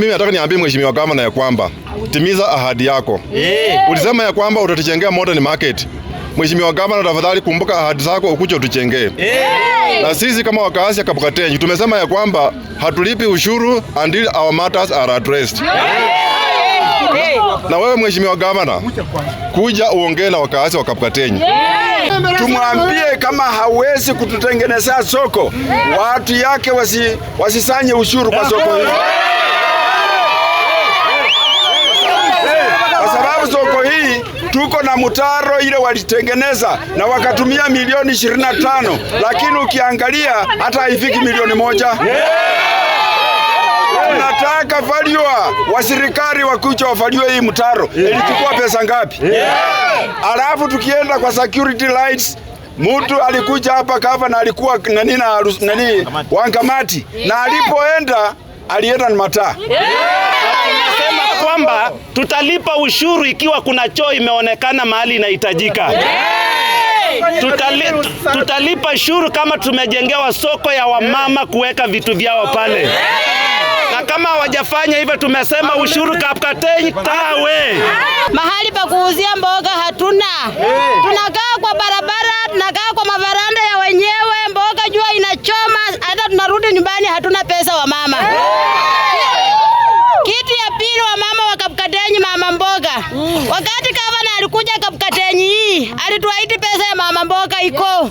Mimi nataka niambie mheshimiwa gavana ya kwamba timiza ahadi yako. Yeah. Ulisema ya kwamba utatuchengea modern market. Mheshimiwa gavana, tafadhali kumbuka ahadi zako ukuje utuchengee. Yeah. Na sisi kama wakazi ya Kabkatenyi tumesema ya kwamba hatulipi ushuru until our matters are addressed. Yeah na wewe mheshimiwa gavana, kuja uongee na wakazi wa Kapkatenyi yeah. Tumwambie kama hawezi kututengenezea soko yeah. Watu yake wasi, wasisanye ushuru kwa soko hili Kwa sababu soko hii tuko na mtaro ile walitengeneza na wakatumia milioni 25 lakini ukiangalia hata haifiki milioni moja yeah wanataka faliwa wasirikari wakucha wafaliwe hii mtaro ilichukua pesa ngapi? Alafu tukienda kwa security lights Mtu alikuja hapa kava na alikuwa nani na nani wankamati na alipoenda alienda ni mataa tunasema yeah. kwamba tutalipa ushuru ikiwa kuna choo imeonekana mahali inahitajika yeah. Tutali, tutalipa ushuru kama tumejengewa soko ya wamama kuweka vitu vyao pale yeah kama hawajafanya hivyo, tumesema ushuru kapkateni tawe. Mahali pa kuuzia mboga hatuna, tunakaa kwa barabara, tunakaa kwa mavaranda ya wenyewe. Mboga jua inachoma, hata tunarudi nyumbani hatuna pesa wa mama. Kitu ya pili, wa mama wa kapkatenyi, mama mboga, mm. wakati gavana alikuja kapkatenyi hii alituahidi pesa ya mama mboga iko